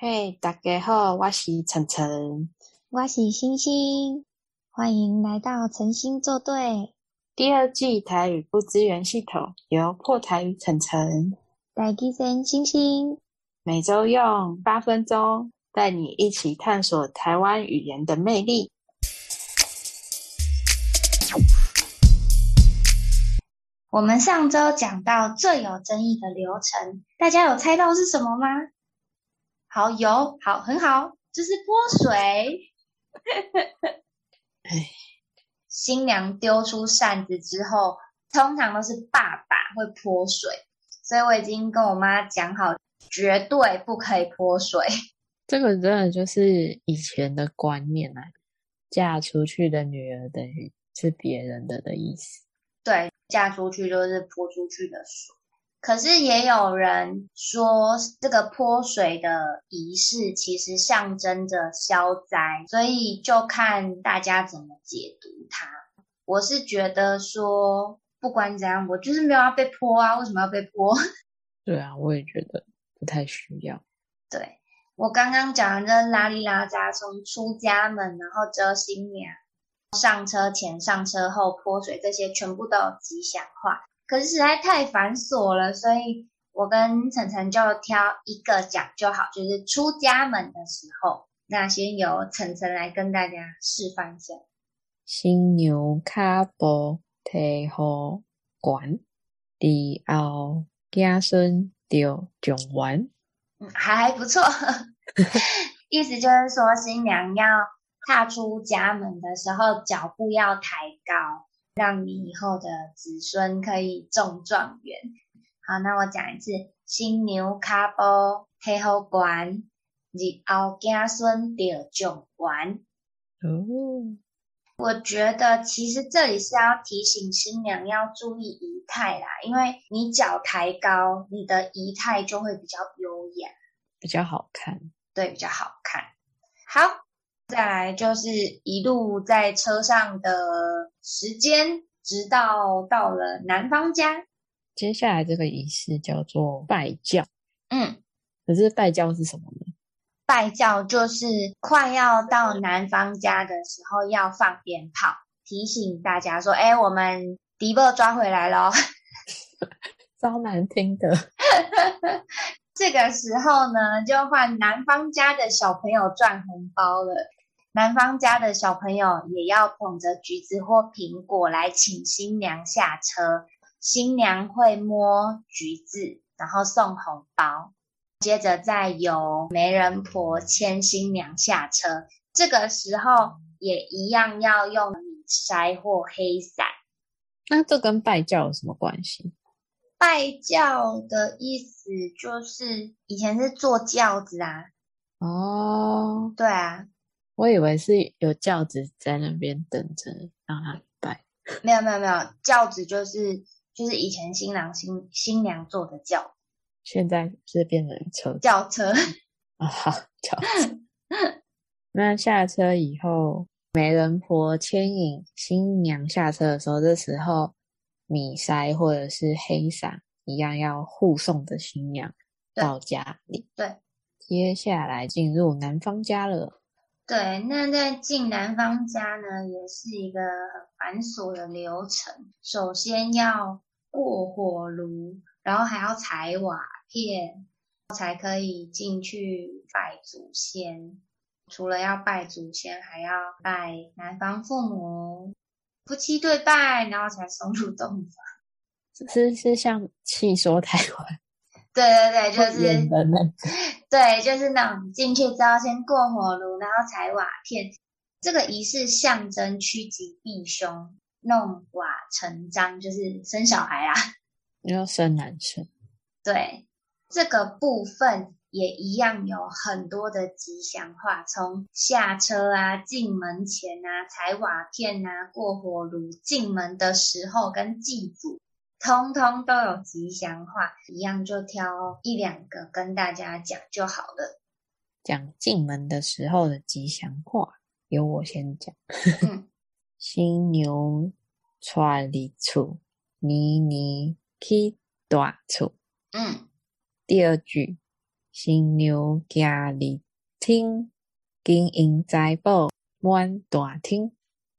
嘿、hey，大家好，我是岑岑，我是芯芯，歡迎來到岑芯作對第二季台語不支援系統，由破台語岑岑帶給森芯芯，每週用八分鐘帶你一起探索台灣語言的魅力 。我們上週講到最有爭議的流程，大家有猜到是什麼嗎？好有好很好，這是潑水、 哎。新娘丟出扇子之後，通常都是爸爸會潑水，所以我已經跟我媽講好，絕對不可以潑水。這個真的就是以前的觀念啊，嫁出去的女兒等於是別人的的意思。對，嫁出去就是潑出去的水。可是也有人說，這個潑水的儀式其實象徵着消災，所以就看大家怎麼解讀它。我是覺得說，不管怎樣，我就是沒有要被潑啊，為什麼要被潑？對啊，我也覺得不太需要。對，我剛剛講的那拉裡拉扎，從出家門，然後遮新娘，上車前、上車後潑水，這些全部都有吉祥話。可是實在太繁瑣了，所以我跟晨晨就挑一個講就好，就是出家門的時候，那先由晨晨來跟大家示範一下。新娘卡步抬好，管，日後家孫丟中完，嗯，還不錯， 意思就是說新娘要踏出家門的時候，腳步要抬高。讓你以後的子孫可以中狀元。好，那我講一次：新牛卡波黑猴冠，你後加孫得狀元。哦，我覺得其實這裡是要提醒新娘要注意儀態啦，因為你腳抬高，你的儀態就會比較優雅，比較好看。對，比較好看。好。再來就是一路在車上的時間，直到到了男方家。接下來這個儀式叫做拜轎。嗯，可是拜轎是什麼呢？拜轎就是快要到男方家的時候，要放鞭炮，提醒大家說：“哎、欸，我們迪波抓回來嘍！” 超難聽的。 這個時候呢，就換男方家的小朋友賺紅包了。男方家的小朋友也要捧着橘子或蘋果來請新娘下車，新娘會摸橘子，然後送紅包，接着再由媒人婆牽新娘下車。這個時候也一樣要用米篩或黑傘。那這跟拜轎有什麼關係？拜轎的意思就是以前是坐轎子啊。哦，對啊。我以為是有轎子在那邊等着，讓他拜。沒有沒有沒有，轎子就是就是以前新郎新新娘坐的轎，現在是變成車轎車啊，轎車、哦、 那下車以後，媒人婆牽引新娘下車的時候，這時候米篩或者是黑傘一樣要護送着新娘到家裡。對，接下來進入男方家了。對，那在進男方家呢，也是一個繁瑣的流程。首先要過火爐，然後還要踩瓦片，才可以進去拜祖先。除了要拜祖先，還要拜男方父母，夫妻對拜，然後才送入洞房。是是，像戲說台灣。對對對，就是 對，就是那種進去之後先過火爐，然後踩瓦片，這個儀式象徵趨吉避凶，弄瓦成章，就是生小孩啊。要生男生？對，這個部分也一樣有很多的吉祥話，從下車啊，進門前啊，踩瓦片啊，過火爐，進門的時候跟祭祖。通通都有吉祥話，一樣就挑一兩個跟大家講就好了。講進門的時候的吉祥話，由我先講。嗯， 新娘娶入厝，年年起大厝。嗯，第二句，新娘嫁入廳，金銀財寶滿大廳。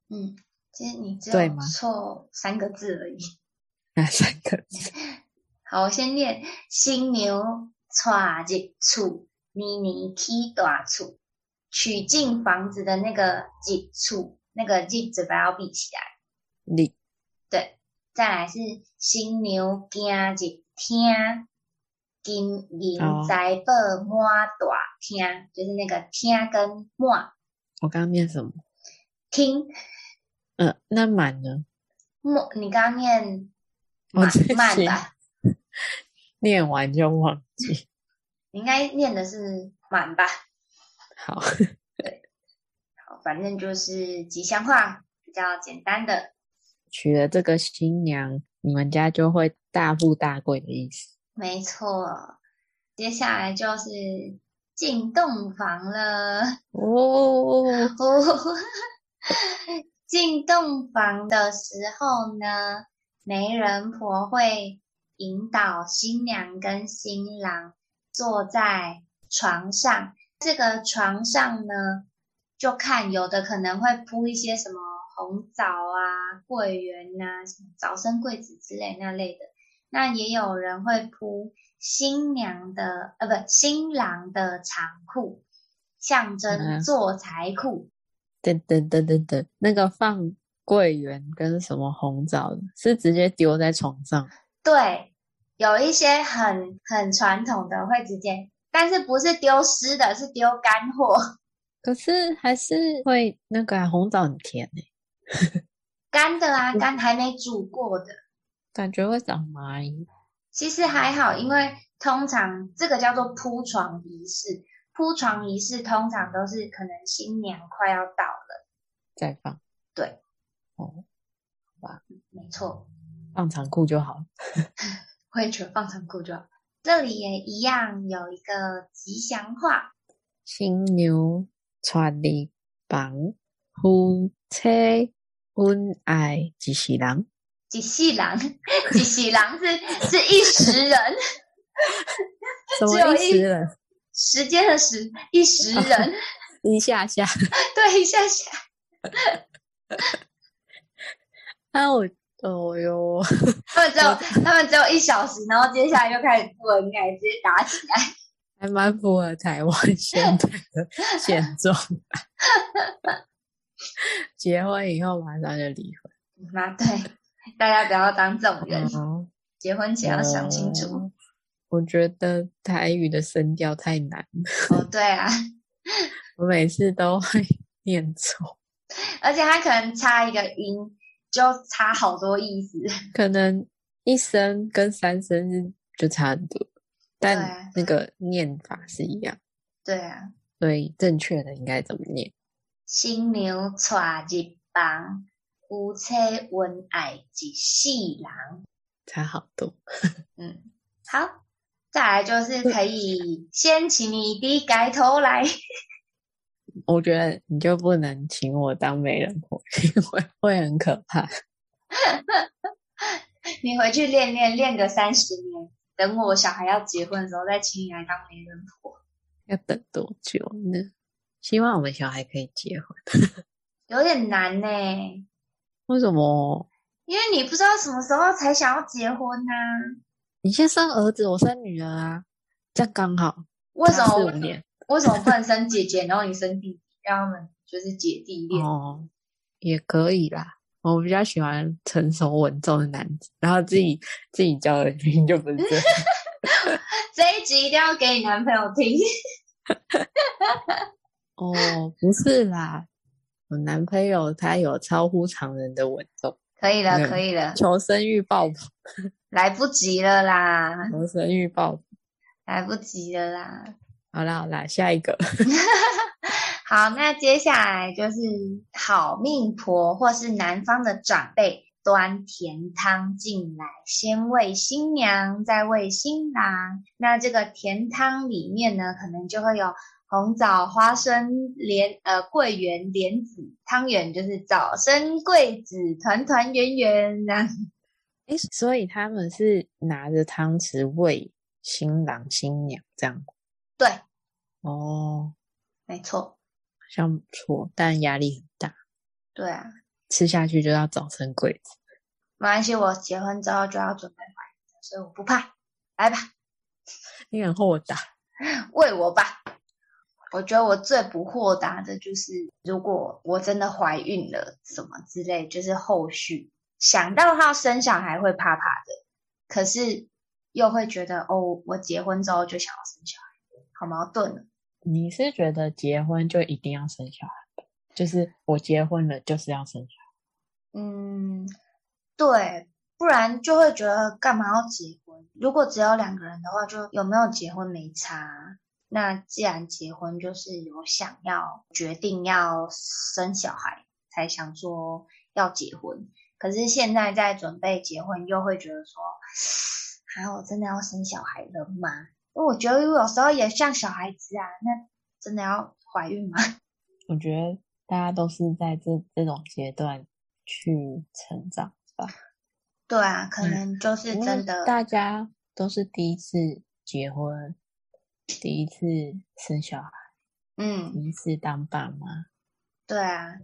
嗯，其實你只要，對嗎？錯三個字而已。三 個好，我先念，新娘娶入厝，年年起大厝，娶進房子的那個入厝，那個入嘴巴要閉起來。你對，再來是新娘行入廳，金銀財寶滿大廳，哦，就是那個廳跟滿。我剛剛念什麼？廳。呃，那滿呢？滿，你剛剛念。慢吧， 念完就忘記。嗯，你應該念的是滿吧。好，好，反正就是吉祥話，比較簡單的。娶了這個新娘，你們家就會大富大貴的意思。沒錯，接下來就是進洞房了。哦，哦，哦，哦，哦，哦，進 洞房的時候呢？媒人婆會引導新娘跟新郎坐在床上，這個床上呢，就看有的可能會鋪一些什麼紅棗啊、桂圓啊、早生貴子之類那類的。那也有人會鋪新娘的呃，不，新郎的長褲，象徵坐財庫。對對對對對，那個放。桂圓跟什麼紅棗是直接丟在床上？對，有一些很很傳統的會直接，但是不是丟濕的，是丟乾貨。可是還是會那個、啊、紅棗很甜呢、欸， 乾的啊，乾還沒煮過的，嗯、感覺會長螞蟻。其實還好，因為通常這個叫做鋪床儀式，鋪床儀式通常都是可能新娘快要到了再放，對。哦，沒錯，放長褲就好了。完 放長褲就好，這裡也一樣，有一個吉祥話：新牛里青牛穿籬笆，火車運愛一世人，一世人，一世人是是一時人， 有一 什麼一時間的時，一時人， 一下下，對一下下。 他我哦喲，他們只有，他們只有一小時，然後接下來又開始做，應該直接打起來，還蠻符合台灣現在的現狀。 結婚以後馬上就離婚，那對大家不要當這種人，嗯、結婚前要想清楚。嗯、我覺得台語的聲調太難了、哦，對啊，我每次都會念錯，而且他可能差一個音。就差好多意思，可能一聲跟三聲就差很多， 但那個念法是一樣，對啊。對啊，所以正確的應該怎麼念？新牛揣一棒，烏車文矮幾細郎，差好多。 嗯，好，再來就是可以掀起你的蓋頭來。 我覺得你就不能請我當媒人婆，因為會會很可怕。 你回去練練練個三十年，等我小孩要結婚的時候再請你來當媒人婆。要等多久呢？希望我們小孩可以結婚， 有點難呢、欸。為什麼？因為你不知道什麼時候才想要結婚呢、啊。你先生兒子，我生女兒啊，這樣剛好。為什麼？為什麼不能生姐姐，然後你生弟弟，讓他們就是姐弟戀？哦，也可以啦。我比較喜歡成熟穩重的男子，然後自己、嗯、自己教的原因就不是這。 這一集一定要給你男朋友聽。 哦，不是啦，我男朋友他有超乎常人的穩重，可以了、嗯，可以了。求生欲爆棚，來不及了啦！求生欲爆棚，來不及了啦！好啦，好啦，下一個。 好，那接下來就是好命婆或是男方的長輩端甜湯進來，先餵新娘，再餵新郎。那這個甜湯裡面呢，可能就會有紅棗、花生、蓮呃桂圓、蓮子、湯圓，就是早生貴子，團團圓圓、啊。那，誒，所以他們是拿着湯匙餵新郎、新娘這樣。對，哦，沒錯，想像不錯，但壓力很大。對啊，吃下去就要早生貴子。沒關係，我結婚之後就要準備懷孕，所以我不怕。來吧，你很豁達， 餵我吧。我覺得我最不豁達的就是，如果我真的懷孕了，什麼之類，就是後續想到要生小孩會怕怕的，可是又會覺得哦，我結婚之後就想要生小孩。好矛盾。你是覺得結婚就一定要生小孩，就是我結婚了就是要生小孩？嗯，對，不然就會覺得幹嘛要結婚？如果只有兩個人的話，就有沒有結婚沒差。那既然結婚，就是有想要決定要生小孩才想說要結婚。可是現在在準備結婚，又會覺得說，還好真的要生小孩了嗎？因為我覺得有時候也像小孩子啊，那真的要懷孕嗎？我覺得大家都是在這這種階段去成長吧。對啊，可能就是真的，嗯，大家都是第一次結婚，第一次生小孩，嗯，第一次當爸媽。對啊，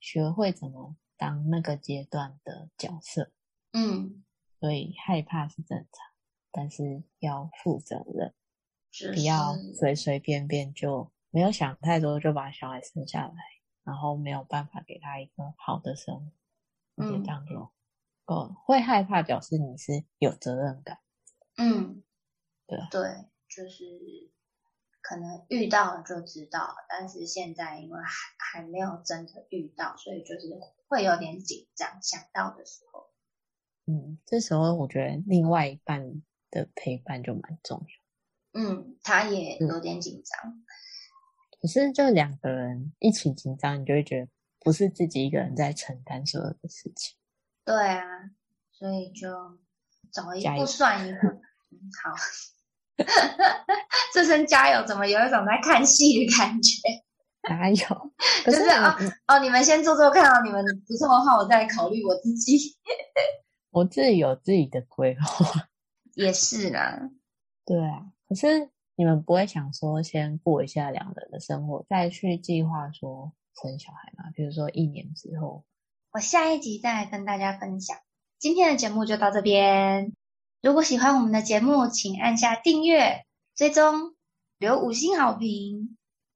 學會怎麼當那個階段的角色。嗯，所以害怕是正常。但是要負責任，不要隨隨便便就沒有想太多就把小孩生下來，然後沒有辦法給他一個好的生活，嗯，當中會害怕表示你是有責任感，嗯，對，對，就是可能遇到了就知道，但是現在因為還還沒有真的遇到，所以就是會有點緊張，想到的時候，嗯，這時候我覺得另外一半的陪伴就蠻重要。嗯，他也有點緊張。可、嗯、是，就兩個人一起緊張，你就會覺得不是自己一個人在承擔所有的事情。對啊，所以就走一步算一步。好。 這聲加油怎麼有一種在看戲的感覺？哪有？可是就是哦哦，你們先做做看到，哦，你們的不錯的話，我再考慮我自己。 我自己有自己的規劃。也是啦，對啊，可是你們不會想說先過一下兩人的生活，再去計劃說生小孩嗎？比如說一年之後，我下一集再來跟大家分享。今天的節目就到這邊。如果喜歡我們的節目，請按下訂閱、追蹤、留五星好評，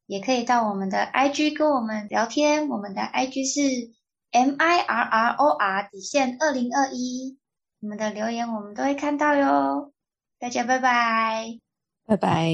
也可以到我們的 IG 跟我們聊天。我們的 IG 是 M I R R O R 底線二零二一。你們的留言我們都會看到喲，大家拜拜，拜拜。